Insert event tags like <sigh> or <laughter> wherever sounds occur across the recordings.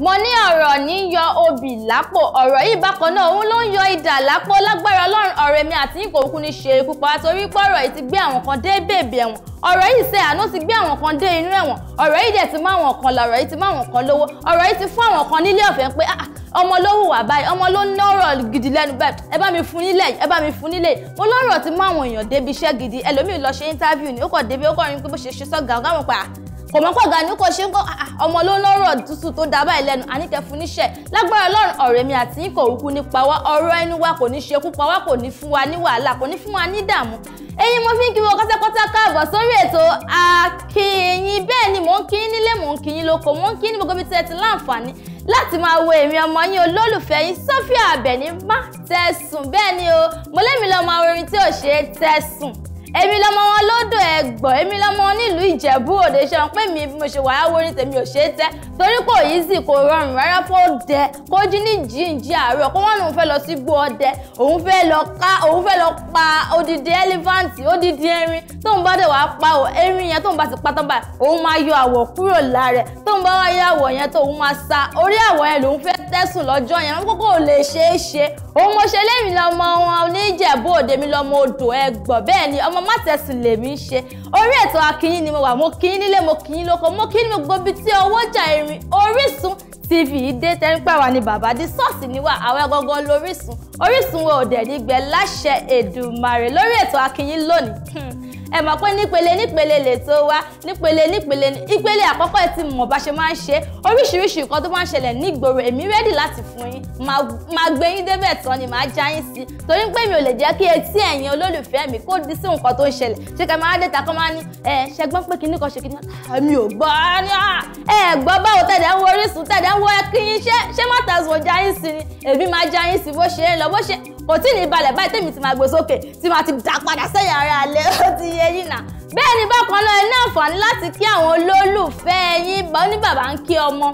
mo ní ọ̀rọ̀ ní yọ obì lápò ọ̀rọ̀ yìí bákan náà òun ló ń yọ idà lápò lágbára ọlọ́run ọ̀rọ̀ èmi àti yín kò kú ní ṣe ikú pa torí pé ọ̀rọ̀ yìí ti gbé àwọn kan dé bèbè ẹ̀wọ̀n ọ̀rọ̀ yìí ṣe àánú ti gbé àwọn kan dé inú ẹ̀wọ̀n ọ̀rọ̀ yìí dẹ̀ ti mú àwọn kan lọ̀rọ̀ yìí ti mú àwọn kan lówó ọ̀rọ̀ yìí ti fún àwọn kan nílé ọ̀fẹ́ pé ah, ọmọ ló hùwà báyìí ọmọ ló ń lọ́rọ̀ gidi lẹ́nu báyìí ẹ bá mi fún nílẹ̀ ẹ bá mi fún nílẹ̀ mo lọ́rọ̀ ti mú àwọn èèyàn débi iṣẹ́ gidi ẹlòmíì lọ ṣe íńtávíù ni ó kàn débi ó kàn rí pé bó ṣe ṣe sọ́gà ọ̀gá àwọn pa kò mọ̀ pọ̀ gani kò ṣe ń kọ́ ah, ah, ọmọ ló lọ́rọ̀ tútù tó dá báyìí lẹ́nu àníkẹ́fún níṣẹ́ lágbára ọlọ́run ọ̀rẹ́ mi àti yín kò wúkú nípa wá ọ̀rọ̀ ẹnu wa kò ní ṣekú pa wá kò ní fún wa ní wàhálà kò ní fún wa ní ìdààmú ẹ̀yin mo fi ń kí wọn káàbọ̀ sórí ètò AkiiYin bẹ́ẹ̀ ni mò ń kí yín nílé mò ń kí yín lóko mò ń kí yín ní gbogbo ibi tí ẹ ti láǹfààní láti máa wo èmi ọmọ yín olólùfẹ́ yín Sophia Abẹ́ní má tẹ̀sùn bẹ́ẹ̀ ni o mo lẹ́mi lọ́mọ orin tí ò ṣe é tẹ̀sùn èmi lọmọ wọn lódò ẹ̀gbọ́ èmi lọmọ wọn nílùú ìjẹ̀bú òde ṣẹun pé mi mo ṣe wàá wo ní tèmi ò ṣe é tẹ́ torí kò yí sì kò rọrùn rárá fó dẹ kó jí ní jíǹjí àárọ̀ kó wọn lòun fẹ́ lọ sí gbó ọdẹ òun fẹ́ lọ ká òun fẹ́ lọ pa odidi ẹlifáǹtì odidi erin tóun bá dẹ̀ wàá pa erin yẹn tóun bá ti pa tán báyìí òun máa yọ àwọ̀ kúrò lára ẹ̀ tóun bá wá yọ àwọ̀ yẹn tóun máa sa orí àwọ̀ yẹn lòun fẹ́ tẹ̀sùn lọ́jọ́ yẹn kókó lè ṣeé ṣe òun mo ṣe lẹ́yìn lọ́mọ wọn oníjẹ̀bú òde mi lọ́mọ odò ẹ̀gbọ́ bẹ́ẹ̀ ni ọmọ mátẹ̀sùn lèmi ń ṣe orí ètò akínyìn ni mo wà mo kínyìn nílé mo kínyìn lóko mo kínyìn gbogbo ibi tí owó jà erin Orísun tv dé tẹ́ńpẹ́ wa ni bàbá di sọ́ọ̀sì níwà àwọn agogo lórísun Orísun wo òdẹ̀ nígbẹ́ láṣẹ Èdùmàrè lórí ètò akínyìn lónìí hmm ẹ mọ̀ pé nípele nípele lètò wa nípele nípele ìpele àkọ́kọ́ ẹ ti mọ̀ bá ṣe máa ń ṣe oríṣiríṣi nǹkan tó máa ń ṣẹlẹ̀ nígboro èmi rẹ́dì láti fún yín máa gbé yín débẹ̀ tán ni máa já yín sí torí pé mi ò lè jẹ́ kí etí ẹ̀yin olólùfẹ́ mi kó di sí nǹkan tó ń ṣẹlẹ̀ ṣé kẹ́ máa dé ta kọ́ máa ní ẹ ṣẹgbọ́n pé kinní kan ṣe kinní kan mi ò gbọ́ ẹ gbọ́ báwo tẹ̀dẹ̀ ń wo Orísun tẹ̀dẹ̀ ń wo ẹkín yín ṣé ṣé má tàzùn já yín sí ni èmi máa já yín sí bó ṣe ń lọ bó ṣe kò tí ì ní balẹ̀ báyìí tèmi ti máa gbé sókè tí máa ti dà padà sẹ́yìn ara alẹ́ <laughs> ó ti yẹ yín nà. bẹ́ẹ̀ ni bákan náà ẹ ní àǹfààní láti kí àwọn olólùfẹ́ yín ní bàbá ń kí ọmọ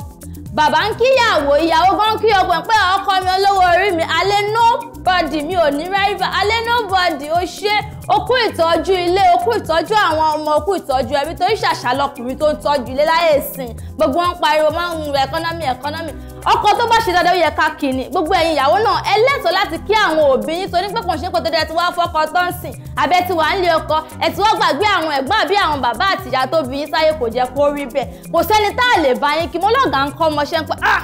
bàbá ń kíyàwó ìyàwó gan kí ọgbọ̀n ẹ̀ pé ọkọ mi olówó orí mi alẹ́ nobody mi ò ní rival alẹ́ nobody ó ṣe okú ìtọ́jú ilé okú ìtọ́jú àwọn ọmọ okú ìtọ́jú ẹbí torí ṣàṣà lọkùnrin tó ń tọ́jú ilé láyé ìsìn gbogbo wọn pariwo máa ń rẹ ẹkọ́nọ́mì ẹkọ́nọ́mì ọkọ tó bá ṣe dáadáa ó yẹ ká kì í ni gbogbo ẹ̀yin ìyàwó náà ẹ lẹ́tọ̀ọ́ láti kí àwọn òbí yín torí pé kò ṣe pé tó dẹ̀ ti wá fọ́kọ tó ń sìn àbẹ́ ti wà ń lé ọkọ ẹ̀ tí wọ́n gbàgbé àwọn ẹ̀gbọ́n àbí àwọn bàbá àtìyá tó yín sáyé kò jẹ́ kó rí bẹ́ẹ̀ kò sẹ́ni tá a lè bá yín kí mo lọ́gàá ń kọ́ ọmọṣẹ́ ń pẹ́ ah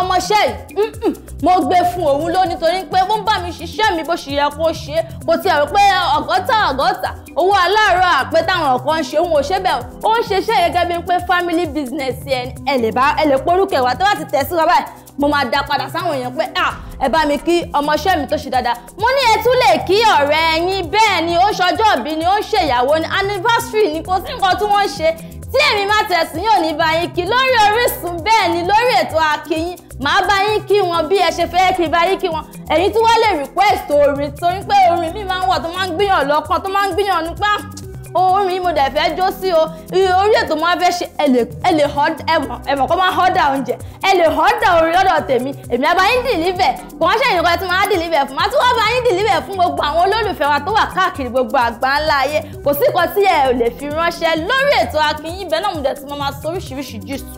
ọmọọṣẹ́ yìí mo gbé fún òun lónìí torí pé ó ń bá mi ṣiṣẹ́ mi bó ṣe yẹ kó ṣe kò tiẹ̀ rò pé ọ̀gọ́ta ọ̀gọ́ta owó aláàárọ̀ àpé táwọn kan ṣe òun ò ṣe bẹ́ẹ̀ ó ń ṣeṣẹ́ gẹ́gẹ́ bí pé family business ẹ lè bá ẹ lè porúkẹ̀ wá tó bá ti tẹ̀ sí wa báyìí mo máa da padà sáwọn èèyàn pé à ẹ bá mi kí ọmọọṣẹ́ mi tó ṣe dáadáa mo ní ẹ tún lè kí ọ̀rẹ́ yín bẹ́ẹ̀ ni ó ṣọjọ́ ìbí ni ó ṣèyàwó ni anniversary ni kò sí nǹkan tí wọ́n ṣe tí èmi má tẹ̀sìn yóò ní bá yín kí lórí Orísun bẹ́ẹ̀ ni lórí ètò Àkíìyín màá bá yín kí wọn bí ẹ ṣe fẹ́ kí bá yín kí wọn ẹ̀yin tí wọ́n lè request orin torí pé orin mi máa ń wọ̀ tó máa ń gbìyànjú lọ́kàn tó máa ń gbìyànjú nípa orin mo dẹ̀ fẹ́ jó sí o orí ètò máa fẹ́ ṣe ẹ lè ẹmọ̀ kó máa họ́dà oúnjẹ ẹ lè họ́dà orin lọ́dọ̀ tèmi èmi àbá yín dìlíbẹ̀ kò wọ́n ṣẹ̀yìn kan tí máa dìlíbẹ̀ fún máa tún wọ́n bá yín dìlíbẹ̀ fún gbogbo àwọn olólùfẹ́ wa tó wà káàkiri gbogbo àgbà ńlá ayé kò sí nǹkan tí ẹ ò lè fi ránṣẹ́ lórí ètò Àkíìyín bẹ́ẹ̀ náà mo dẹ̀ ti máa máa sọ oríṣiríṣi gist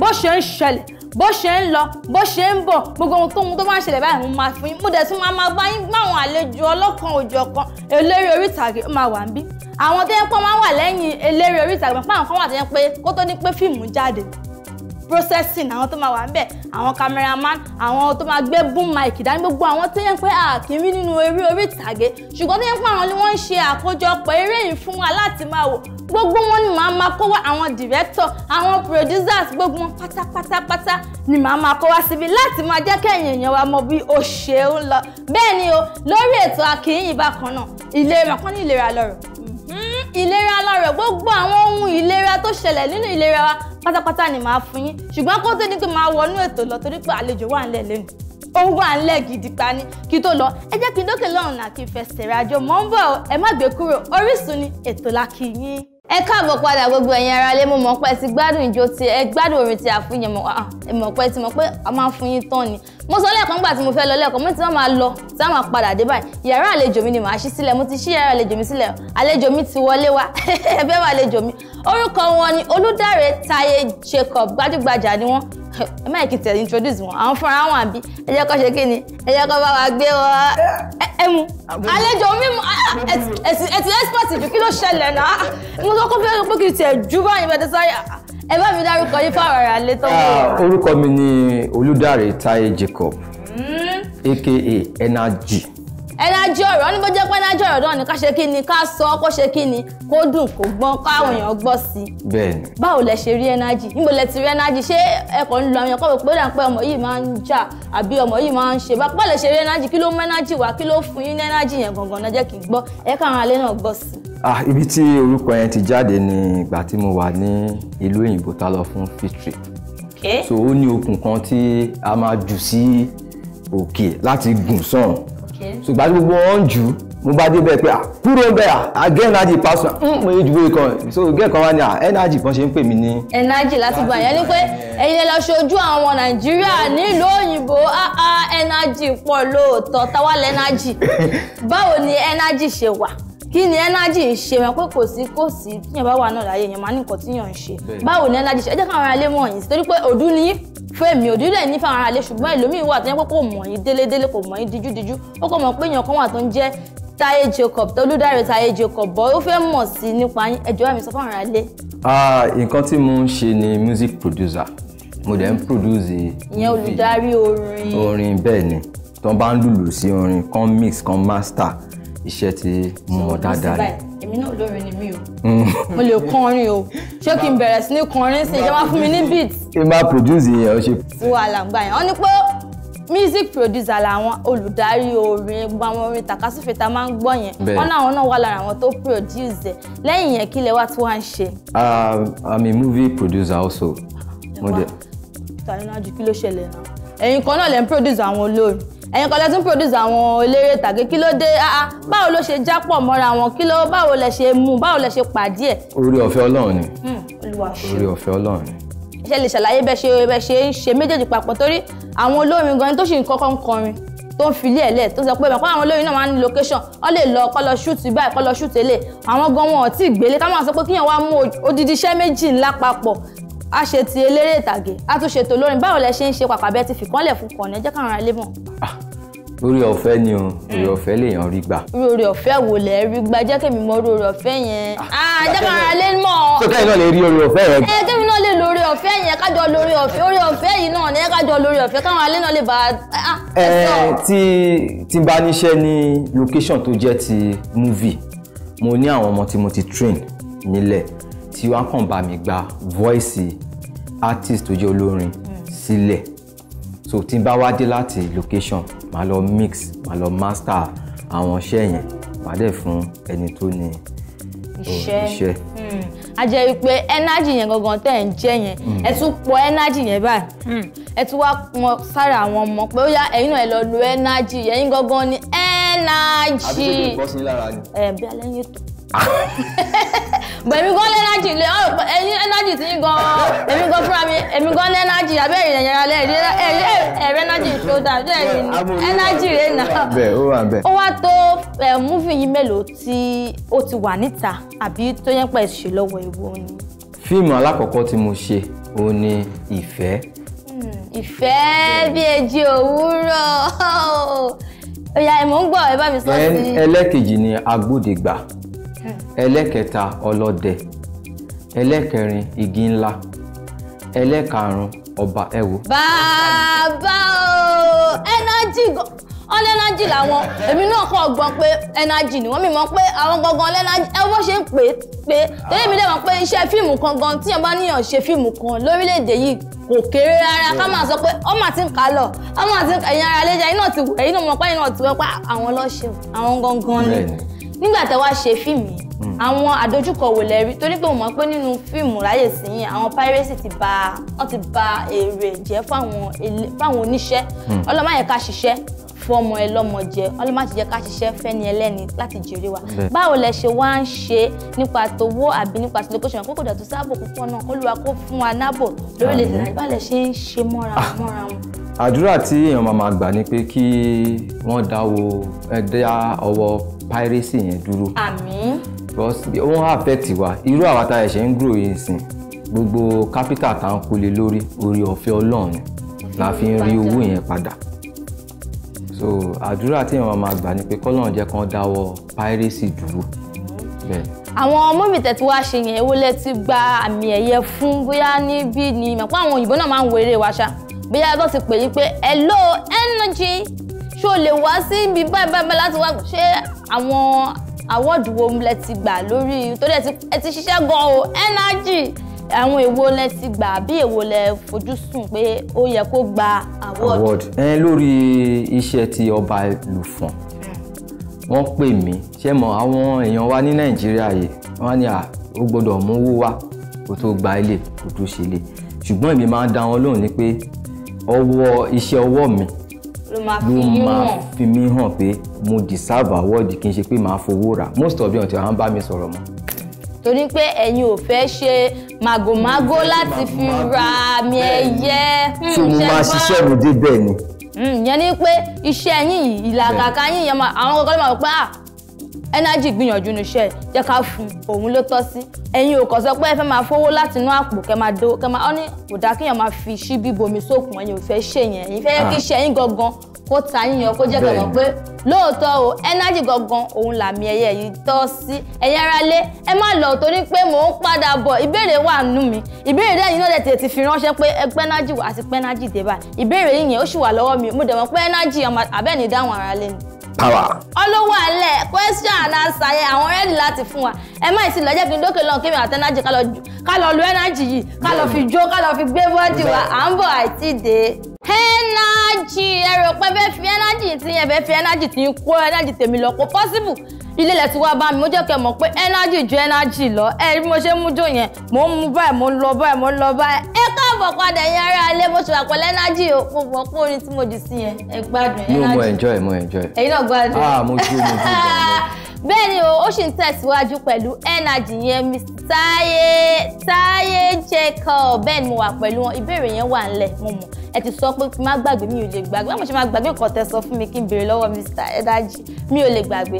bó ṣe ń ṣẹlẹ̀ bó ṣe ń lọ bó ṣe ń bọ̀ gbogbo ohun tóun tó bá ń ṣẹlẹ̀ báyìí mo máa fún yín mo dẹ̀ tún máa máa bá yín gbáwọn àlejò ọlọ́kan òjọ̀kan eléré orí ìtàgé ó máa wà ń bí àwọn tó yẹ pé wọ́n wà lẹ́yìn eléré orí ìtàgé pé àwọn kan wà tó yẹ pé kó tó ní pé fíìmù jáde processing àwọn tó máa wà níbẹ̀ àwọn cameraman àwọn tó máa gbé boom mic dání gbogbo àwọn tó yẹ pé a kì í rí nínú eré orí ìtàgé ṣùgbọ́n tó yẹ pé àwọn ni wọ́n ń ṣe àkójọpọ̀ eré yìí fún wa láti máa wò gbogbo wọn ni màá máa kó wá àwọn director àwọn producers gbogbo wọn pátápátápátá ni màá máa kó wá síbi láti máa jẹ́ kẹ́yìn èèyàn wa mọ bí ó ṣe ń lọ bẹ́ẹ̀ ni o lórí ètò Àkíìyìn bákan náà ìlera kan ní ìlera lọ́rọ̀ ìlera alára gbogbo àwọn ohun ìlera tó ṣẹlẹ̀ nínú ìlera wa pátápátá ni màá fún yín ṣùgbọ́n kó tó ní pé màá wọnú ètò lọ torí pé àlejò wà ńlẹ̀ lẹ́nu ó wà ńlẹ̀ gidi pa ni kí tó lọ ẹ jẹ́ kí n dókè lọ́rùn àti ìfẹsẹ̀rẹ̀ àjò mọ́ ń bọ̀ ẹ má gbé kúrò Orísun ni ètò la kì í yín ẹ káàbọ̀ padà gbogbo ẹ̀yin ara lé mo mọ̀ pé ti gbádùn ìjó ti ẹ gbádùn orin ti àfihàn mọ̀ ẹ mọ̀ pé ti mọ̀ pé a máa fún yín tán ni mo sọ lẹ́ẹ̀kan nígbà tí mo fẹ́ lọ lẹ́ẹ̀kan mo ti máa máa lọ tí a máa padà dé báyìí yàrá àlejò mi ni màá ṣí sílẹ̀ mo ti ṣí yàrá àlejò mi sílẹ̀ àlejò mi ti wọlé wá <laughs> ẹ fẹ́ wà àlejò mi orúkọ wọn ni Olúdáre Táyé Jacob gbajúgbajà ni wọ́n ẹ má introduce wọn àwọn fúnra wọn àbí ẹ jẹ́ kó ṣe kí ni ẹ jẹ́ kó bá wa gbé wa ẹ mu àlejò mímu ah, ẹ ti kí ló ṣẹlẹ̀ náà ah, mo sọ fún fẹ́ẹ́ pé kì í tiẹ̀ ju báyìí bẹ́ẹ̀ sáyà ah, ẹ bá mi dárúkọ yín fáwọn ará ilé tó orúkọ mi ni Olúdáre Táyé Jacob aka hmm. Energy nájú ọ̀rọ̀ ní bó jẹ́ pé nájú ọ̀rọ̀ náà ni ká ṣe kí ni ká sọ kó ṣe kí ni kó dùn kó gbọ́n káwọn èèyàn gbọ́ sí. bẹ́ẹ̀ni. báwo lẹ ṣe rí ẹnájì níbo lẹ ti rí ẹnájì ṣé ẹ ń lo àwọn ọkọ pé dàn ọmọ yìí máa ń jà àbí ọmọ yìí máa ń ṣe bá pọ̀ lẹ ṣe rí ẹnájì kí ló mú ẹnájì wá kí ló fún yín ẹnájì yẹn gangan náà jẹ́ kí gbọ́ ẹ káwọn alẹ́ náà gbọ́ sí. ah ibi tí orúkọ yẹn ti jáde ni ìgbà tí mo wà ní ìlú òyìnbó tá lọ fún fitri. so ó ní okùn kan tí a máa jù sí òkè láti gùn sàn ṣùgbọ́n gbogbo wọn ń jù ú mo bá dé bẹ́ẹ̀ pé à ah, kúrò ń bẹ́ẹ̀ à ah, gẹ́ energy person ń hmm, mo yé juwé kan so gẹ́ kan wá ní à ah, energy kan ṣe ń pè mí ní. energy láti gbà yẹn ni pé ẹ̀yin lè lọ ṣojú àwọn nàìjíríà nílùú òyìnbó áá energy pọ̀ lóòótọ́ táwa lẹ́ energy <laughs> báwo ni energy ṣe wà kí ni energy ń ṣe wọn pé kò sí kò sí tíyẹn bá wà náà láyé yẹn máa ní nǹkan tíyẹn ń ṣe báwo ni energy ṣe ẹ jẹ́ káwọn ará ilé mọ̀ yín torí pé òdú ni fẹ́mi òdúdẹ̀ ní fáwọn aráalé ṣùgbọ́n ẹlòmíín wà tó yẹ pé kò mọ̀ yín délédélé kò mọ̀ yín díjúdíjú ó kò mọ̀ pé èèyàn kan wà tó ń jẹ́ Táyé Jacob tolúdáre Táyé Jacob bọ́ ó fẹ́ mọ̀ sí nípa yín ẹjọ́ mi sọ fáwọn aráalé. nǹkan tí mo ń ṣe ni music producer mo dẹ̀ ń produce. ìyẹn olùdarí orin. orin bẹ́ẹ̀ ni tó bá ń lùlù sí orin Come mix come master iṣẹ́ ti mú wọn dáadáa ni. èmi náà lórin ni mí o mm. mo lè kọrin o ṣé kí n bẹ̀rẹ̀ sí ní kọrin sí ìjọba fún mi ní beat. ṣé máa produce yẹn o ṣe. sí wàhálà ń gbà yẹn wọ́n ní pé music producer làwọn olùdarí orin gbogbo àwọn orin takasúfè tá a máa ń gbọ́ yẹn wọn náà wọn náà wà lára àwọn tó produce ẹ yẹn kí lẹ wá tí wọ́n ń ṣe. Um, i'm a movie producer also. ẹ wá tàyínà jù kí ló ṣẹlẹ̀ náà ẹ̀yin kan náà lè ń produce àwọn olórin ẹ̀yin kan lẹ produce àwọn eléré ìtàgé kí ló dé ah, ah báwo ló ṣe jápọ̀ mọ́ra wọn kí ló báwo lẹ ṣe mú báwo lẹ ṣe pàdé ẹ̀. orí ọ̀fẹ́ ọlọ́run ni hmm, orí ọ̀fẹ́ ọlọ́run ni. ṣe lè ṣàlàyé bẹ ṣe bẹ ṣe ń ṣe méjèèjì papọ̀ torí àwọn olórin gan tó sì ń kọ́kọ́ ń kọrin tó ń filé ẹ̀ lẹ̀ tó sọ pé location wọ́n lè lọ shoot báyìí kọ́ lọ shoot eléyìí àwọn gan wọn ò tí ì gbélé káwọn sọ pé kíyàn wá mú odidi iṣẹ́ méjì a ṣe ti eléré ìtàgé a tún ṣètò olórin báwo lẹ ṣe ń ṣe pàpàbẹ ti fìkànlẹ̀ fún kàn ẹ káwọn ará ilé orí ọ̀fẹ́ ni o orí eh. ọ̀fẹ́ lèèyàn rí gbà. orí ọ̀fẹ́ wo lẹ rí gbà jẹ́ kí mi mọ orí ọ̀fẹ́ yẹn. Ah, ah, jẹ́ káwọn ará ilé mọ̀. tó kẹ́yìn náà lè rí orí ọ̀fẹ́ yẹn. ẹ kẹ́mi náà lè lórí ọ̀fẹ́ yẹn kájọ lórí ọ̀fẹ́ orí ọ̀fẹ́ yìí náà ni kájọ lórí ọ̀fẹ́ káwọn alẹ́ náà lè bá. Ah, ẹ eh, tí tí bá níṣẹ́ ní location tó jẹ́ ti movie mo ní àwọn ọmọ tí mo ti train nílẹ̀ tí wọ́n kàn bá mi gba voice artist tó jẹ́ olórin sílẹ̀ so tí n bá wá dé láti location màá lọ mix màá lọ master àwọn iṣẹ́ yẹn màá dẹ̀ fún ẹni tó ní oh, iṣẹ́ hmm. a jẹ́ wípé energy yẹn gangan tẹ́ ẹ̀ ń jẹ́ yẹn hmm. ẹ tún pọ energy yẹn báyìí hmm. ẹ tún wá pọn sára àwọn ọmọ pé ó yá ẹ̀yin náà ẹ lọ lo energy yẹn gangan ni energy. àbí tó lè bọ́ sí lára ni. ẹ bí alẹ́ yẹn tó bẹ̀mí gan lẹ́nájì ẹ̀yin ẹ̀nájì ti ń gan èmi gan fúnra mi èmi gan lẹ́nájì abẹ́rẹ́ ìrìn ẹ̀yẹ̀ra lẹ́ẹ̀rí ẹ̀rẹ́ ẹ̀nájì ṣọ́dà ẹ̀yìn ẹ̀nájì rẹ̀ nà. ó wá tó eh, múfì yìí mélòó tí ó ti wà níta àbí tó yẹn pẹ̀ ṣe lọ́wọ́ ìwọ ni. fíìmù alákọ̀ọ́kọ́ tí mo ṣe òun ni ìfẹ́. Hmm, ìfẹ́ bí ejì òwúrọ̀ <laughs> ó yá ẹ̀ mò ń gbọ́ ẹ bá mi sọ sí. ẹlẹ́kejì ni agbódegbà ẹlẹ́kẹta ọlọ́dẹ ẹlẹ́kẹrin igi ńlá ẹlẹ́karùn ọba ẹwo. bàbá o ẹnájì wọn lẹ́nájì làwọn èmi náà kọ́ gbọ́n pé ẹnájì ni wọ́n mímọ́ pé àwọn gangan lẹ́nájì ẹ ṣe ń pè é pé tẹ́lẹ̀ mi lè pé iṣẹ́ fíìmù kan gan tí bá níyàn ṣe fíìmù kan lórílẹ̀‐èdè yìí kò kéré rárá ká máa sọ pé ọmọ àti ń lọ ọmọ àti ẹ̀yin ara lẹ́jà iná ti wẹ̀ iná mọ̀ pé iná ti wẹ̀ pé àwọn lọ́ọ́ ṣe àwọn gangan ni nígbà tẹ wá ṣe fíìmù yìí hmm. àwọn àdójúkọ wò lẹ rí torí pé mo mọ̀ pé nínú fíìmù láyè síyìn àwọn piracy ti bà wọn ti bà èrè jẹ́ fáwọn oníṣẹ́ hmm. ọlọmọye ká ṣiṣẹ́ fọmọ ẹ lọmọ jẹ ọlọmọ àti jẹ ká ṣiṣẹ́ fẹ́ni ẹlẹ́ni láti jèrè wa báwo lẹ ṣe wá ń ṣe nípa tòwó àbí nípa tí lókòṣàn kókò dàtú sáàbò púpọ̀ náà kó kó fún wa náàbò lórílẹ̀ ah. àdúrà tí èèyàn máa máa gbà ni pé kí wọ́n dáwọ́ ẹ̀dá ọwọ́ piracy yẹn dúró. àmín. because ó ń affect wa irú àwa tá a ṣẹ̀ ń grow yìí sìn gbogbo capital tá à ń kulè lórí orí ọ̀fẹ́ ọlọ́run la fi ń rí owó yẹn padà so àdúrà tí èèyàn máa gbà ni pé kọ́lọ́run jẹ́ kán dáwọ́ piracy dúró bẹ́ẹ̀. àwọn mọ́bì tẹ̀ tí wàá ṣe yẹn ewó lẹ́tí gba àmì ẹ̀yẹ fún bóyá níbí ni mọ̀ pé àwọn òyìnbó náà máa ń wo eré wa ṣá bóyá tó ti pè yí pé hello energy ṣó lè wá sí ibi báyìí báyìí láti wá ṣé àwọn awọ́ọ̀dù wo lẹ ti gbà lórí torí ẹ ti ṣiṣẹ́ gan o energy àwọn èwo lẹ ti gbà bí èwo lẹ fojú sùn pé ó yẹ kó gba awọ́ọ̀dù. lórí iṣẹ́ ti ọba lùfọ̀n wọ́n pè mí ṣé mọ̀ àwọn èèyàn wa ní nàìjíríà yìí wọ́n á ní à ó gbọ́dọ̀ mówó wá kó tó gba ilé kó tó ṣe ilé ṣùgbọ́n èmi máa ń dá wọn lóhùn ni pé ọwọ́ iṣẹ́ ọwọ́ mi ló máa fi mí hàn pé mo deserve award kì í ṣe pé màá fowó rà most of them ti wà ń bá mi sọ̀rọ̀ mọ́. torí pé ẹ̀yin ò fẹ́ ṣe màgòmágó láti fi ra mi ẹ̀yẹ. tí hmm, mo máa ṣiṣẹ́ mi dé bẹ́ẹ̀ ni. Hmm, ìyẹn ni pé iṣẹ́ yín ìlàkàkà yín yẹn àwọn kọ̀ọ̀kan ló máa wọ pé ah, energy gbìyànjú ní iṣẹ́ jẹ́ ká fún òun ló tọ́ sí ẹ̀yin ò kàn sọ pé ẹ fẹ́ máa fowó láti inú àpò kẹ́ máa dó kẹ́ máa ọ́ ní kò dáa kéèyàn máa fi ṣíbí bomi sókun ẹ̀yin ò fẹ́ ṣe yẹn ẹ̀yin fẹ́ kí ah. iṣẹ́ yín gangan kó ta yín yan kó jẹ́ kẹ́ mọ̀ pé lóòótọ́ o energy gangan òun làmì ẹ̀yẹ yìí tọ́ sí ẹ̀yin ara lé ẹ má lọ torí pé mò ń padà bọ̀ ìbéèrè wà nù mí ìbéèrè dẹ́ yìí náà dẹ̀ tètè fi ránṣẹ́ pé ẹgbẹ́ energy wà àti pé energy dé báyìí ìbéèrè yìí yẹn ó sì wà lọ́wọ́ mi mo dẹ̀ mọ̀ pé energy àbẹ́ni dáhùn ara lé ni power. olówó alẹ́ question and answer yẹn àwọn rẹ́ẹ̀dì láti fún wa ẹ má ìsìn lọ́jọ́ kí n dókè lọ́n kémi àti energy ká lọ lu energy yìí ká lọ fi jó ká lọ fi gbé bọ́ọ̀dì wa à ń bọ̀ àti dé. energy ẹ rò pé bẹ́ẹ̀ fi energy tí ẹ bẹ́ẹ̀ fi energy tí ń kó energy tèmi lọ kó possible ilé ilẹ̀ ti wá bá mi mo jẹ́ kẹ́ mọ̀ pé energy ju energy lọ ẹ bí mo ṣe ń mú jò yẹn mo ń mú báyìí mo ń lọ báyìí mo ń lọ báyìí. ẹ káàbọ̀ padà yẹn ara ilé mo ṣe wà pẹ̀lú energy o mo mọ̀ pé orin tí mo jù sí yẹn ẹ gbádùn energy. mo enjoy mo enjoy. èyí náà gbádùn. ah mo ju mo ju bẹ́ẹ̀ ni o ó sì ń tẹ̀síwájú pẹ̀lú energy yẹn Mr. Táyé Táyé Jacob bẹ́ẹ̀ ni mo wà pẹ̀lú wọn ìbéèrè yẹn wà ńlẹ̀ mo mọ̀ ẹ ti sọ pé kí n má gbàgbé mi ò lè gbàgbé báwo ṣe má gbàgbé nǹkan tẹ́ sọ fún mi kí n béèrè lọ́wọ́ Mr. energy mi ò lè gbàgbé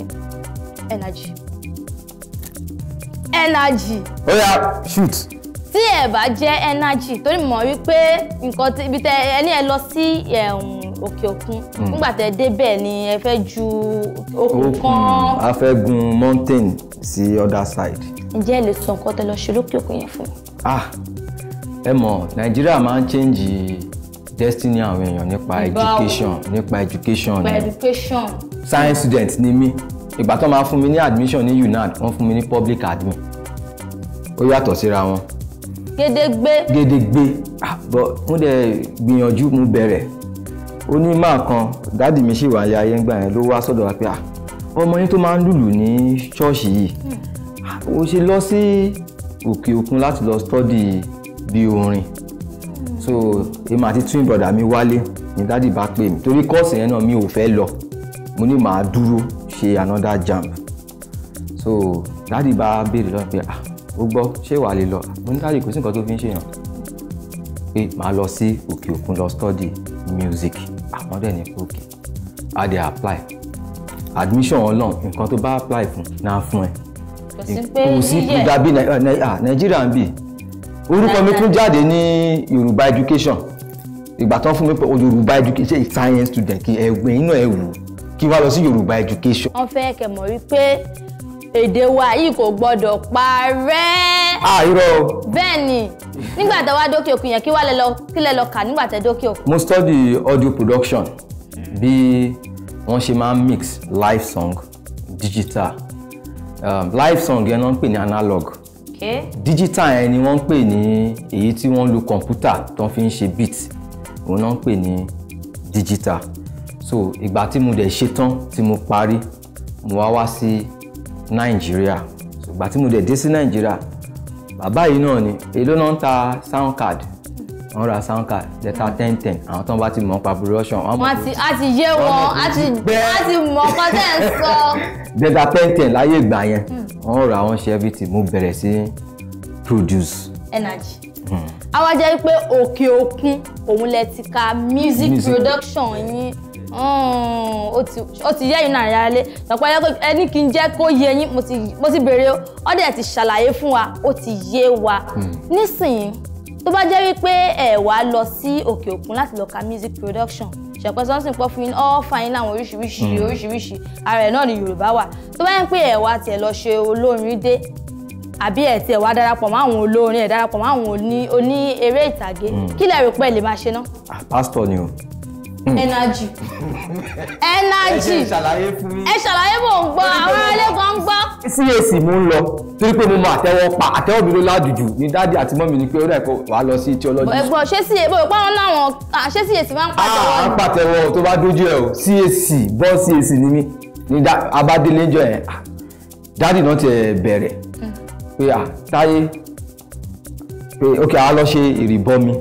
energy energy. ó yá shoot. tí ẹ bá jẹ́ energy torí mọ̀ wípé nǹkan ibi tẹ ẹ ní ẹ lọ sí òkè òkun hmm. nígbà tẹ débẹ̀ ni ẹ fẹ́ ju òkun kan. a fẹ́ gun mountain sí other side. ǹjẹ́ ẹ lè sọ nǹkan tẹ lọ ṣe lókè òkun yẹn fún mi. ah ẹ mọ̀ nàìjíríà máa ń change destiny àwọn èèyàn nípa education nípa education. nípa education. science student ni mí ìgbà tó máa fún mi ní admission ní UNAD wọ́n fún mi ní public admin ó yàtọ̀ síra wọn. gédégbé. gédégbé àbọ̀ ah, mo dẹ̀ gbìyànjú mo bẹ̀rẹ̀ ó ní máa kan dáàdì mi sì wà ní ayé ńgbà yẹn ló wá sọ́dọ̀ wa pé ah, ọmọ yín tó máa ń lùlù ní ṣọ́ọ̀ṣì yìí hmm. ó ṣe lọ sí òkè òkun láti lọ study bí orin hmm. so èmi àti twin brother mi wálé ni dáàdì bá pè mí torí kọ́ọ̀sì yẹn náà mi ò fẹ́ lọ mo ní màá dúró ṣe another jump. so dáàdì bá béèrè lọ́wọ́ pé ah ó gbọ́ ṣé wàá lè lọ mo ní dáàdì kò sí nǹkan tó fi ń ṣèyàn pé màá lọ sí òkè òkun lọ study music àwọn ah, dẹ̀ ní òkè á dey apply admission ọlọ́run nǹkan tó bá apply fún náà fún ẹ kò sí pé dàbí nàìjíríà ah, ah, ń bì orúkọ mi tún jáde ní yorùbá education ìgbà tán fún mi pé yorùbá education science student kí ẹgbẹ́ inú ẹ̀ wù ú kí wá lọ sí Yorùbá education. wọ́n fẹ́ kẹ́ mọ̀ wípé èdè wa yìí kò gbọ́dọ̀ parẹ́. àìrọ. bẹ́ẹ̀ ni nígbà tá wá dókè òkun yẹn kí wá lọ kí lẹ lọ kà nígbà tẹ dókè òkun. mo study audio production bí wọ́n ṣe máa ń mix live song digital um, live song yẹn náà ń pè ní analog okay. digital yẹn ni wọ́n ń pè ní èyí tí wọ́n ń lo kọ̀ǹpútà tó fi ń ṣe beat òun náà ń pè ní digital so ìgbà tí mo dẹ̀ ṣetán tí mo parí mo wá wá sí nàìjíríà so ìgbà tí mo dẹ̀ dé sí nàìjíríà bàbá yìí náà ni èló náà ń ta sound card wọ́n ra sound card lẹ́tà ten ten àwọn tó ń bá ti mọ̀ pa production. wọ́n ti a ti yé wọn a ti a ti mọ̀ pa tẹ́ ẹ̀ sọ. <laughs> lẹ́tà ten ten láyé ìgbà yẹn hmm. wọ́n ra wọ́n ṣe everything mo bẹ̀rẹ̀ sí produce. energy àwa hmm. jẹ́ pé òkè òkun òun lẹ ti ka music production yín. Oh, ó ti yẹ́ yín náà yára lé lọ́pọ̀ ẹni kí n jẹ́ kó yé yín mo ti bèrè ó dẹ̀ ti ṣàlàyé fún wa ó ti yé wa hmm. nísìnyí tó bá jẹ́ wípé ẹ wá lọ sí òkè òkun láti lọ ka music production ṣẹ̀pẹ́ sọ́nsìn pọ̀ fún yín ọ́ fà yín láwọn oríṣiríṣi hmm. oríṣiríṣi ara ẹ̀ náà ni Yorùbá wà tó bá yẹn pé ẹ wá tiẹ̀ lọ ṣe olórin dé àbí ẹ tiẹ̀ wá darapọ̀ mọ́ àwọn olórin ẹ̀ darapọ̀ mọ́ àwọn oní eré ìtàgé hmm. kí lẹ rò lè máa ṣe ná. Ah, pásítọ̀ ni o Hmm. energy <laughs> energy ẹ ṣàlàyé fún mi ẹ ṣàlàyé mò ń gbọ́ àwọn ilé kan ń gbọ́. cac mo ń lọ torí pé mo máa àtẹ́wọ́ pa àtẹ́wọ́ mi ló ládùjù ní dáàdi àti mọ́mi ni pé ó dàgbọ́ wàá lọ sí theology. ẹ̀gbọ́n ṣé sí èbó ìpá wọn láwọn ṣé cac máa ń pàtẹ́wọ́. a ah, pàtẹ́wọ́ tó bá dójú ẹ̀ o cac bọ́ cac ni mí ní abádélé jọ ẹ̀ dáàdi náà ti bẹ̀rẹ̀ hmm. pé à táyé pé ok àá lọ ṣe ìrìbọmi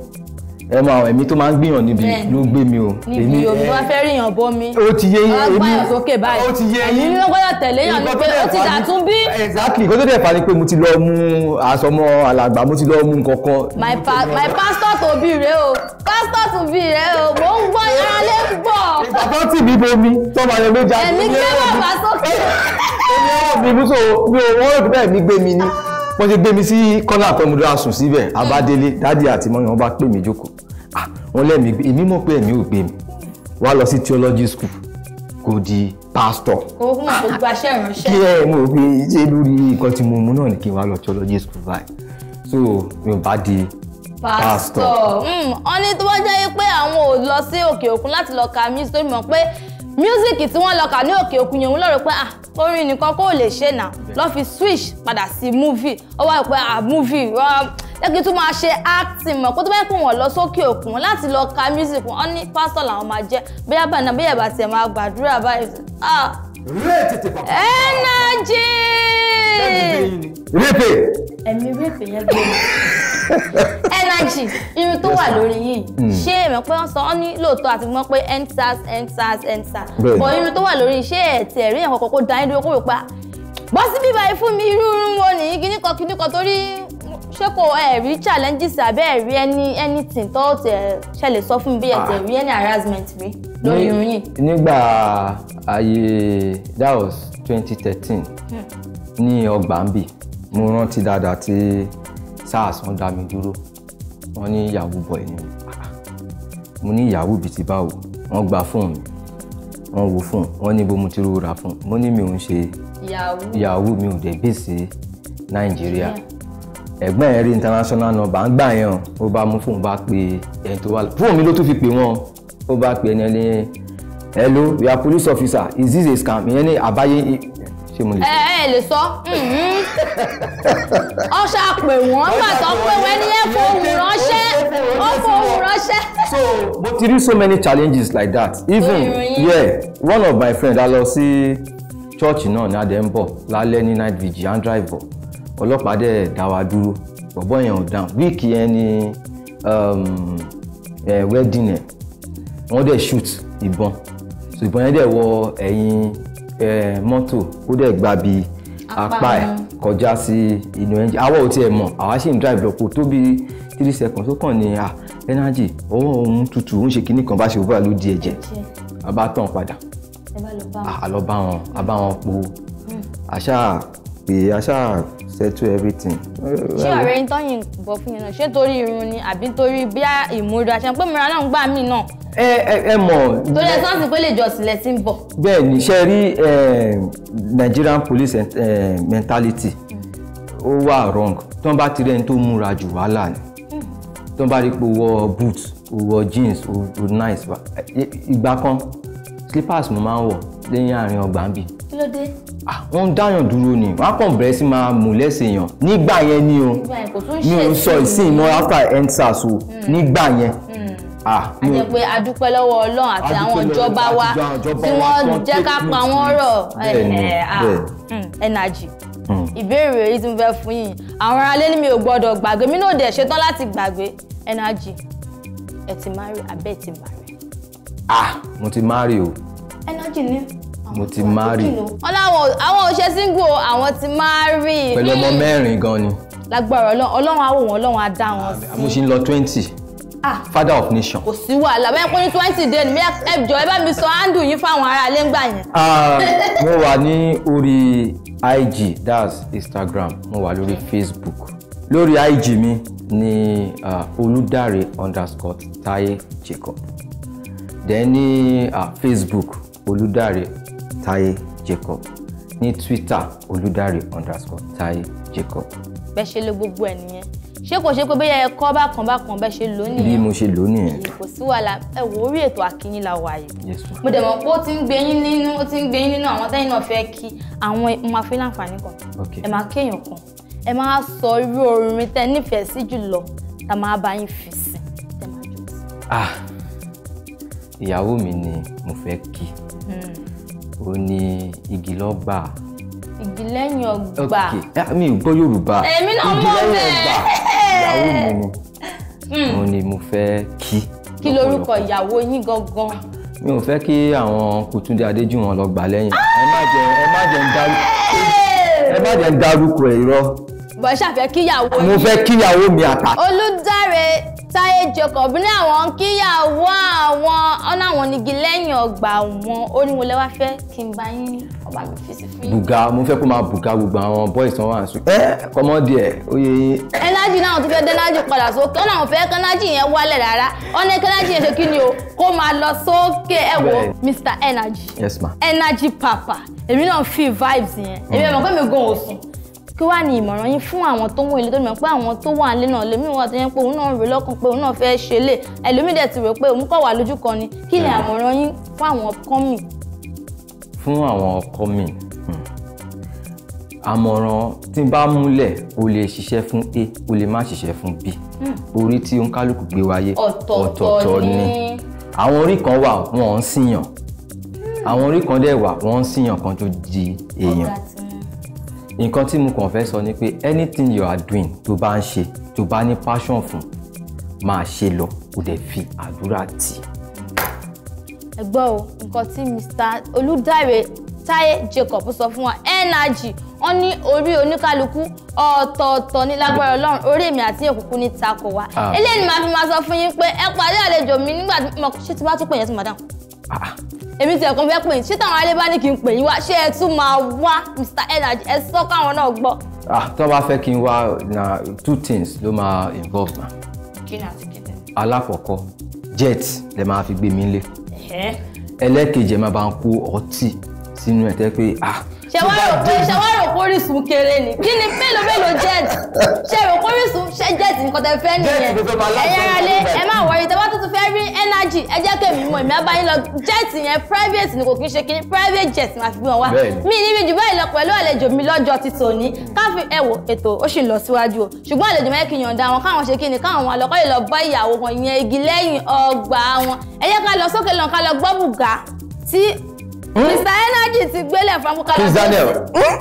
ẹ mọ àwọn ẹ̀mí tó máa ń gbìyàn níbi ló gbé mi o. níbi òbí wá fẹ́ ríyàn bọ́ mi. ó ti yé yín èmi ó ti yé yín èmi ló gbọ́dọ̀ tẹ̀lé yàn ní pé ó ti dà tún bí. exactly kó tó dẹ̀ fani pé mo ti lọ mú àsọmọ alàgbà mo ti lọ mú nǹkan kan. my my pastor tó bí rẹ o pastor tó bí rẹ o mò ń gbọ́ yàrá lè gbọ́. ìgbà tó tì mí bomi tọ́ba rẹ ló já. ẹ̀mí gbé bàbá sókè. ẹ̀mí ọ̀rọ̀ mi mú so mi ò wọ́n rò pé bẹ́ẹ̀ mi mi wọ́n ṣe gbé mi sí kọ́lá àkọ́mọdé asùn síbẹ̀ abádélé dádì àti mọ́mí wọn bá pè mí jókòó ah, wọn lẹ́mí gbé èmi mọ̀ pé ẹ̀mí ò gbé mi wá lọ sí theology school kò di pastor. ogun kò gbaṣẹ́ ah, ah. ìránṣẹ́. kí ẹ mo pe ṣé lórí nǹkan tí mo mú náà ni kí n wá lọ theology school báyìí so mi ò bá di pastor. Hmm, wọ́n ní tó wọ́n jẹ́ pé àwọn ò lọ sí òkè òkun láti lọ ka music tó mọ̀ pé music tí wọ́n lọ orin nìkan kó lè ṣe náà lọ fi switch padà sí movie ó wá pé à ah, movie lẹ́kìn tó máa ṣe acting mọ̀ kó tó bá kó wọ́n lọ sókè òkun láti lọ ka music wọn ní pásítọ̀ làwọn máa jẹ́ bóyá bàná bóyá bá tiẹ̀ máa gbàdúrà báyìí. Ah. energy. ẹ̀mí rèpè yẹn gbé mi energy irun tó wà lórí yìí hmm. ṣé èmi pé wọ́n sọ ọ́ ní lóòótọ́ àti mọ̀ pé endsars endsars endsars bọ̀ irun tó wà lórí ṣé ẹ̀tì ẹ̀rí ẹ̀kọ́ kọ́kọ́ dání dúró kó rò pa ah, bọ́ sí bíbá fún mi irú irun wo nìyí kíníkan kíníkan torí ṣé kò ẹ rí challenges àbẹ́ ẹ rí ẹni anything tó tẹ ṣẹlẹ̀ sọ fún mi bí ẹ tẹ ah. rí any harassment rí lórí irun yìí. nígbà ayé that was twenty thirteen hmm. ní ọgbà ń bì mo rántí dáadáa tí sars wọ́n dá mi dúró wọ́n ní yahoo boy ni mo ní yahoo bíi ti báwo wọ́n gba fóònù mi wọ́n wo fóònù wọ́n ní bó mo ti rọra fóònù mo ní mi ò ń ṣe yahoo mi ò dẹ̀ bèsè nàìjíríà ẹ̀gbọ́n ẹ̀ rí international number ń gbà yẹn ó bá mú fóònù bá pe ẹni tó wà lọ fóònù mi ló tún fi pè wọ́n ó bá pe ẹni ẹni hello we are police officer is this a scam ìyẹn ní àbáyé ṣé mo lè sọ. ẹ ẹ lè sọ mm-hmm. ọ ṣàpè wọn gbà tó pé wọn ní ẹ fòun ránṣẹ́ ó fòun ránṣẹ́. so mo ti rí so many challenges like that even yeah one of my friend a lọ sí chọ́ọ̀chì náà ní adẹ́ńbọ̀ lálẹ́ ní night vigil and drive bọ̀ ọlọ́pàá dẹ̀ dá wa dúró bọ̀bọ̀ yẹn ò dáhùn wíìkì yẹn ni um, wedding ẹ̀ wọ́n dẹ̀ shoot ìbọn so ìbọn yẹn dẹ̀ wọ ẹ̀yìn mọ́tò ó dẹ̀ gba bi apá ẹ̀ kọjá sí inú ẹnjì àwa ò tiẹ̀ mọ̀ àwa sì ń drive lọ kó tó bí three seconds ó kàn ní à energy ọwọ́ òun tutù ń ṣe kinní kan bá ṣe òwúrọ̀ ló di ẹ̀jẹ̀ a bá tàn padà a lọ bá wọn a bá wọn po àṣà hmm. pé àṣà settle everything. ṣé ọ̀rẹ́ yín tán yìí bọ̀ fún yẹn náà ṣé torí irun ni àbí torí bí ìmúra ṣe pé mìíràn náà ń gbà mí náà. ẹ ẹ ẹ mọ̀. torí ẹsán sì pé lè jọ sílẹ̀ sí ń bọ̀. bẹ́ẹ̀ ni ṣe rí Nigerian police mentality ó wà wrong tó ń bá ti rẹ́ni tó múra jù wàhálà ni tó ń bá rí pé wọ boots ó wọ jeans ó nice ìgbà kan slippers mo máa ń wọ̀ lẹ́yìn àárín ọgbà ń bì. kí ló dé Ah, wọ́n ń dáyàn dúró ni wọ́n á kàn bẹ̀rẹ̀ sí máa mú lẹ́sẹ̀ èèyàn nígbà yẹn ni o mi ò sọ ìsìn mọ́ after endsars o hmm. nígbà yẹn hmm. ah, a jẹ pé a dúpẹ́ lọ́wọ́ Ọlọ́run àti àwọn ìjọba wa tí wọ́n jẹ́ ká pa wọ́n rọ̀ ẹnàjì ah, hmm, ìbéèrè yìí tún fẹ́ fún yìí àwọn aráalé ni mi ò gbọ́dọ̀ gbàgbé mi náà dẹ̀ ṣetán láti gbàgbé ẹnàjì ẹ ti marry abẹ́ ẹ ti marry. ah mo ti marry o. ẹnàjì ni mo ti marry. ọlọ́wọ́ àwọn ò ṣe single o àwọn ti marry. pẹ̀lú ọmọ mẹ́rin gan ni. lágbára ọlọ́run ọlọ́run á wò wọ́n ọlọ́run á dá wọn sí. mo ṣe ń lọ twenty ah. father of nation. kò sí wàhálà bẹ́ẹ̀ kó ní twenty day ni ẹ jọ ẹ bá mi sọ handle yín fáwọn ará ilé ńgbà yẹn. Ah, mo wà ní orí ig that's instagram mo wà lórí facebook lórí ig mi ni uh, ah, olùdarí underscore taye jacob then ní uh, facebook olùdarí Táyé Jacob ní Twitter olùdarí underscore Táyé Jacob. bẹ́ẹ̀ ṣe lo gbogbo ẹ̀ nìyẹn ṣé kò ṣe pé bẹ́ẹ̀ ẹ kọ́ bákan bákan bẹ́ẹ̀ ṣe lò ó nìyẹn. bí mo ṣe lò ó nìyẹn. kò sí wàhálà ẹ wò orí ètò Àkíìyín la wà yìí. mo dẹ̀ mọ̀ pé ó ti ń gbé yín nínú ó ti ń gbé yín nínú àwọn tẹ́yìn náà fẹ́ kí àwọn máa fi láǹfààní kan ẹ máa kéèyàn kan ẹ máa sọ irú orin tẹ nífẹ̀ẹ́ sí jùlọ tá máa bá yín fi sí. ah ìyàwó mi ni mo fẹ́ kí. Hmm ó ní igi lọ́gbà. igi lẹ́yìn ọgbà. ok mi ò gbọ́ yorùbá. èmi náà mọ̀ bẹ́ẹ̀. igi lẹ́yìn ọgbà ìyàwó mi ni mo hmm. ni mo fẹ́ kí. kí lorúkọ ìyàwó yín gangan. mi ò fẹ́ kí àwọn Kùtúndé Adéjùwọ̀n lọ gbà lẹ́yìn ẹ má jẹ ẹ má jẹ ń darú ẹ má jẹ ń darúkọ ẹ̀ irọ́. bọ̀ ṣàfẹ́ kíyàwó yín. mo fẹ́ kíyàwó mi àtà. olùdarí táyé jacob ní àwọn kíyàwó àwọn ọ̀nà àwọn onígi lẹ́yìn ọgbà wọn ó ní mo lẹ́wà fẹ́ kí n bá yín ní ọba mi fi sí fún yín. bùgá mo fẹ́ kó máa bùgá gbogbo àwọn boys tán wà sùn ẹ kọ́mọ́ díẹ̀ ó yẹ yín. ẹnájì náà ti fẹ́ dẹ́nájì padà sókè ọ̀nà àwọn fẹ́ kẹ́nájì yẹn wálẹ̀ rárá ọ̀nà kẹ́nájì yẹn ṣe kí ni o kó máa lọ sókè ẹ wo mr energy yes ma energy papa èmi náà fi vibes yẹn èmi ẹ̀ mọ̀ pé mi gan-an ò sùn kí wàá ní ìmọ̀ràn yín fún àwọn tó ń wọ ilé tó ní mọ̀ pé àwọn tó wà nílé náà lèmi wà tó yẹn pé òun náà rè lọ́kàn pé òun náà fẹ́ ṣe lè ẹlòmíì dẹ̀ ti rò pé òun kọ̀ wà lójú kan ni kí ni àmọ̀ràn yín fún àwọn kọ́mì. fún àwọn kọ́mì hmm. àmọ̀ràn tí n bá múlẹ̀ o lè ṣiṣẹ́ fún a o lè má ṣiṣẹ́ fún b hmm. orí tí oníkálukú gbé wáyé ọ̀tọ̀ọ̀tọ̀ ni àwọn orí kan wà wọ́n ń síyàn hmm. àwọn orí kan dẹ̀ wà wọ́n ń síyàn kan tó di èèyàn nǹkan tí mo kàn fẹ́ sọ ni pé anything you are doing tó bá ń ṣe tó bá ní passion fún máa ṣe lọ kó dẹ̀ fi àdúrà tì. ẹ gbọ́ o nǹkan tí Mr. Olúdáre Táyé Jacob sọ fún wa energy wọ́n ní orí oníkálukú ọ̀tọ̀ọ̀tọ̀ ní lágbára ọlọ́run orí èmi àti òkùnkùn ní takò wá ah. eléyìí ni màá fi máa sọ fún yín pé ẹ pàdé àlejò mi nígbà tí mo ṣe ti bá tún pè yẹn sí madam. Ah. èmi ti ẹ̀kọ́ fẹ́ pè yín ṣé táwọn alẹ́ bá ní kí n pè yín wá ṣé ẹ tún máa wá Mr Energy ẹ sọ káwọn náà gbọ́. ah tó bá fẹ́ kí n wá na two things ló máa involve na. kí ni àti kí ni. alákọ̀ọ́kọ́ jet lè máa fi gbé mi lé. ẹlẹ́kejì ẹ máa bá ń kó ọtí sínú ẹ̀ tẹ́ pé ah ṣe wá rò pé ṣe wá rò pé Orísun kéré ni kí ni mélòó mélòó jet ṣe rò pé Orísun ṣe jet nǹkan tẹ fẹ́ nìyẹn ẹ̀yin ara lé ẹ má wọrí tẹ bá tuntun fẹ́ rí energy ẹ jẹ́ kí èmi mọ̀ èmi abáyín lọ jet yẹn private ni kò kí n ṣe kíní private jet máa fi wọn wá mi níbi jù báyìí lọ pẹ̀lú àlejò mi lọ́jọ́ ti tòní káfí ẹ wò ètò ó sì lọ síwájú o ṣùgbọ́n àlejò mẹ́kì yọ̀ǹda wọn káwọn ṣe kíni káwọn wọn àlọ́kọ́ yìí lọ bá ìyàwó wọn Mr hmm? Energy ti gbélẹ̀ fún amúkálá. Kiss Daniel. Hmm?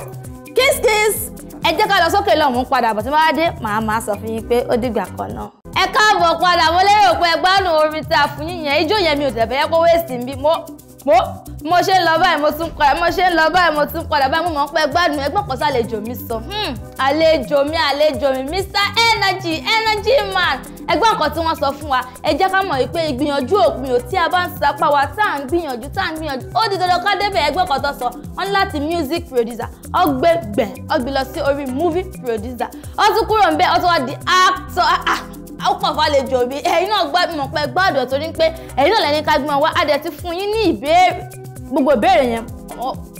Kiss kiss ẹ jẹ́ ká lọ sókè lọ́hùn mú padà bọ̀ tí wọ́n á dé màá máa sọ fún yín pé ó dìgbà kan náà. ẹ káàbọ̀ padà mo lérò pé ẹ gbádùn orin tá a fún yín yẹn ijó yẹn mi ò tẹ̀fẹ́ yẹ kó wéèsì mi mo mo mo ṣe ń lọ báyìí mo tún padà mo ṣe ń lọ báyìí mo tún padà báyìí mo mọ̀ ń pẹ́ gbádùn ẹgbọ́n kan sálejò mi sọ hmm, àlejò mi àlejò mi Mr Energy Energy Man ẹgbọ́n kan tí wọ́n sọ fún wa ẹ jẹ́ ká mọ̀ wípé ìgbìyànjú òpin ò tí a bá ń sapá wa tá à ń gbìyànjú tá à ń gbìyànjú ó di dandan ká débẹ̀ ẹgbọ́n kan tó sọ wọ́n ní láti music producer ọgbẹ́gbẹ̀ ọgbẹ́ lọ sí orí movie producer ó tún kúrò ń bẹ́ẹ̀ ó wá di actor ah, ah, ó kàn fà lè jò bí ẹ̀yin náà gbọ́ mọ̀ pé gbọ́dọ̀ torí pé ẹ̀yin náà lẹ́ni ká gbọ́n wá adẹ̀ ti fún yín ní ìbéèrè gbogbo ìbéèrè yẹn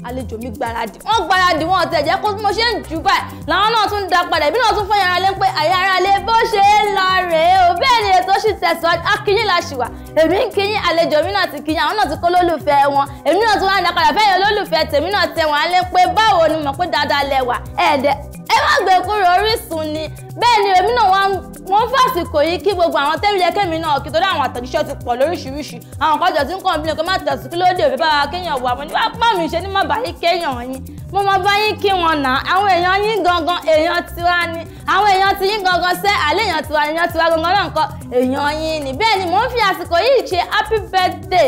àlejò mi gbáradì wọn gbáradì wọn ọtẹ jẹ kó mo ṣe ń jù báyìí làwọn náà tún da padà ìbí náà tún fún yàrá lé pé àyà ara lé bó ṣe é lọ rèé o bẹ́ẹ̀ ni ètò sì tẹ̀sán akínyìn la ṣì wà èmi ń kínyìn àlejò mi náà ti kínyìn àwọn náà ti kó lólùfẹ́ wọn èmi náà tún wá da padà fẹ́yìn olólùfẹ́ tèmi náà tẹ wọn lé pé báwo ni mọ̀ pé dáadáa lẹ wà ẹ̀ẹ́dẹ̀ ẹ má gbé kúrò Orísun ni bẹ́ẹ̀ ni èmi náà wá ń mo ń fàsìkò yìí kí gbogbo àwọn tẹ́lẹ̀ yẹ kẹ́mi náà kí torí àwọn àtẹ̀jíṣẹ́ ti pọ̀ lóríṣiríṣi àwọn kan jọ̀sí ń kàn bílẹ̀ kó má tẹ̀sí kí lóde òfin bá wa kéèyàn wà mo ní bá pọ̀ mi ṣe ní má bàá yín kéèyàn yín mo mọ bá yín kí wọn nà àwọn èèyàn yín gangan èèyàn tiwa ni àwọn èèyàn ti yín gangan sẹ́ àlẹ́ èèyàn tiwa èèyàn tiwa gangan náà nǹkan èèyàn yín ni bẹ́ẹ̀ ni mò ń fi àsìkò yìí ṣe happy birthday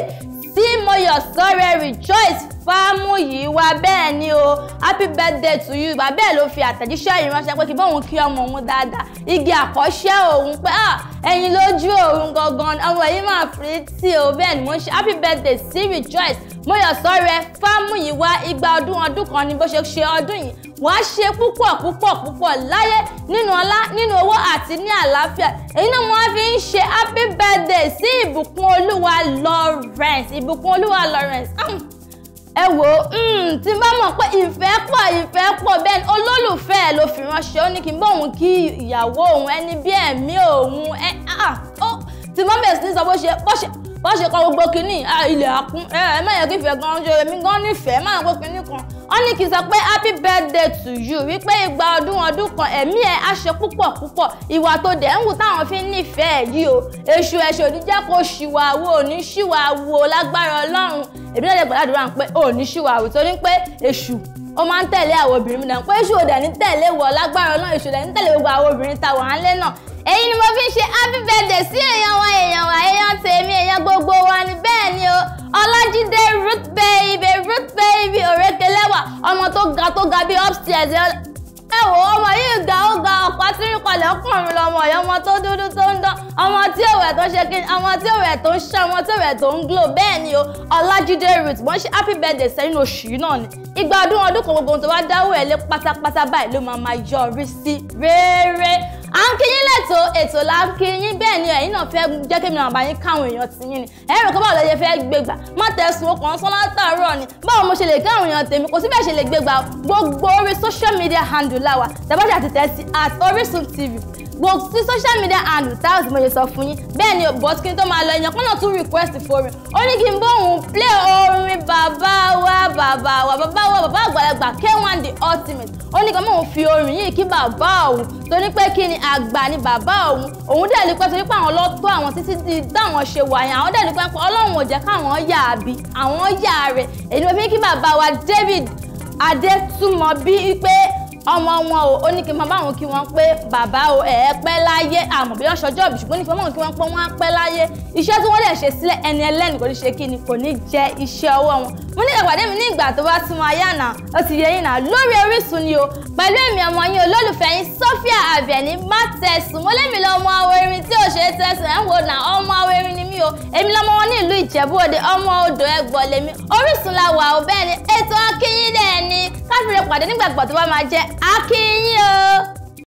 Tímọ́yọ̀sọ́rẹ́ Rejoice Fámúyìíwá bẹ́ẹ̀ ni o happy birthday to you ìgbà bẹ́ẹ̀ ló fi àtẹ̀jíṣẹ́ yìí ránṣẹ́ pé kí bóun kí ọmọ òun dáadáa igi àkọ́ṣẹ́ òun pé ah ẹ̀yin lójú òun gangan ọmọ yìí máa fi tí o bẹ́ẹ̀ ni mo ń ṣe happy birthday sí Rejoice Mọ́yọ̀sọ́rẹ́ Fámúyìíwá igba ọdún ọdún kan ni bó ṣe ṣe ọdún yìí wàá ṣe púpọ̀ púpọ̀ púpọ̀ láyé nínú ọlá nínú owó àti ní àlàáfíà èyí náà mo wá fi ń ṣe happy birthday sí ìbùkún olúwa Lawrence ìbùkún olúwa Lawrence ah, ẹ wò ó hmm, tí n bá mọ̀ pé ìfẹ́ pọ̀ ìfẹ́ pọ̀ bẹ́ẹ̀ ni olólùfẹ́ ẹ̀ ló fi ránṣẹ́ ó ní kí n bóun kí ìyàwó òun ẹni bí ẹ̀mí òun ẹ̀ ah, ó tí mọ́ bẹ̀rẹ̀ sí ní sọ bó ṣe bó ṣe bó ṣe kọ gbogbo kínní ah, ilẹ̀ àkún ẹ ẹ má kí ìfẹ́ gan ṣe èmi gan nífẹ̀ẹ́ má yẹ kó kínní kan wọ́n ní kí n sọ pé happy birthday to you wípé ìgbà ọdún ọdún kan ẹ̀mí ẹ̀ á ṣe púpọ̀ púpọ̀ ìwà tó dẹ̀ ń wù táwọn fi ń nífẹ̀ẹ́ yìí o èṣù èṣù òdíjẹ́ kó ṣìwà wo òní ṣìwà wo lágbára ọlọ́run èmi náà lè gbàdúrà pé òní ṣìwà wò torí pé èṣù ó máa ń tẹ̀lé àwọn obìnrin mi náà pé èṣù òdẹ̀ ní tẹ̀lé wọ lágbára ọlọ́run èṣù òdẹ̀ ní tẹ̀lé gbogbo àwọn obìnrin ta wà á ni mo fi ń happy birthday sí èèyàn wa èèyàn wa èèyàn tèmi èèyàn gbogbo wa ni bẹ́ẹ̀ ni o ọlájídé root baby root baby òrékelẹ́wà ọmọ tó ga tó ga bíi upstairs ẹ wò ọmọ yìí ga ó ga ọ̀pá tírìkọlẹ̀ ọkùnrin lọmọ yìí ọmọ tó dúdú tó ń dán ọmọ tí òwẹ̀ tó ṣe kíni ọmọ tí òwẹ̀ tó ń ṣe ọmọ tí òwẹ̀ tó ń glow bẹ́ẹ̀ ni o ọlájídé root wọ́n ṣe happy birthday sẹ́yìn oṣù yìí náà ni ìgbà ọdún ọdún kan gbogbo tó bá dáwọ́ ẹ̀ lé pátápátá báyìí ló máa máa yọrí sí rere à ń kíyín lẹ́tọ̀ ètò là ń kíyín bẹ́ẹ̀ ni ẹ̀yin náà fẹ́ jẹ́ kí mi náà bá yín káwọn èèyàn ti yín ni ẹ̀yin rò kó báwo lẹ́yẹ fẹ́ gbégbà má tẹ̀sùn ọkàn sán látàárọ̀ ni báwo mo ṣe lè káwọn èèyàn tèmi kò sí bẹ́ẹ̀ ṣe lè gbégbà gbogbo orí social media handle làwà tẹ̀bọ́sì àti tẹ̀sí at Orisun TV gbogbo sí social media handle táwọn sì mo lè sọ fún yín bẹ́ẹ̀ ni bọ́t kí n tó máa lọ ẹ̀yàn pọ́nà tún request fún orin ó ní àgbà K1 the ultimate ó ní kan mọ̀ fi orin yìí kí bàbá òun torí pé kí ni àgbà ni bàbá òun òun dẹ̀ lè pẹ́ torí pé àwọn lọ́tọ́ àwọn títí di dáwọn ṣe wà àwọn dẹ̀ lè pẹ́ pé ọlọ́run ò jẹ́ káwọn yà á bí àwọn yà á rẹ̀ èyí ni fi kí bàbá wa David Adétúnmọ̀ bí pé ọmọ wọn o ó ní kí n máa bá wọn kí wọ́n pé bàbá o ẹ̀ ẹ́ pẹ́ láyé àmọ́ bí wọ́n ṣọjọ́ ìbí ṣùgbọ́n ní kí n máa bá wọn kí wọ́n pé wọ́n á pẹ́ láyé iṣẹ́ tí wọ́n lè ṣe sílẹ̀ ẹni ẹlẹ́ni kò ní ṣe kí ni kò ní jẹ iṣẹ́ ọwọ́ wọn mo ní ìpàdé mi ní ìgbà tó bá tún ayé àná ó ti yẹ yín náà lórí Orísun ni o pẹ̀lú èmi ọmọ yín olólùfẹ́ yín Sophia Abẹni má tẹ̀sùn mo lémi lọ́mọ awẹ́rin tí ò ṣe é tẹ̀sùn ẹ̀ ń wò náà ọmọ awẹ́rin ni mí o èmi lọ́mọ wọn ní ìlú Ìjẹ̀bú Òde ọmọ odò Ẹ̀gbọ́ lèmi Orísun la wà ó bẹ́ẹ̀ ni ètò akínyìn dẹ̀ ni káfíńrẹ́ pàdé nígbàgbọ́ tó bá máa jẹ́ akínyìn you.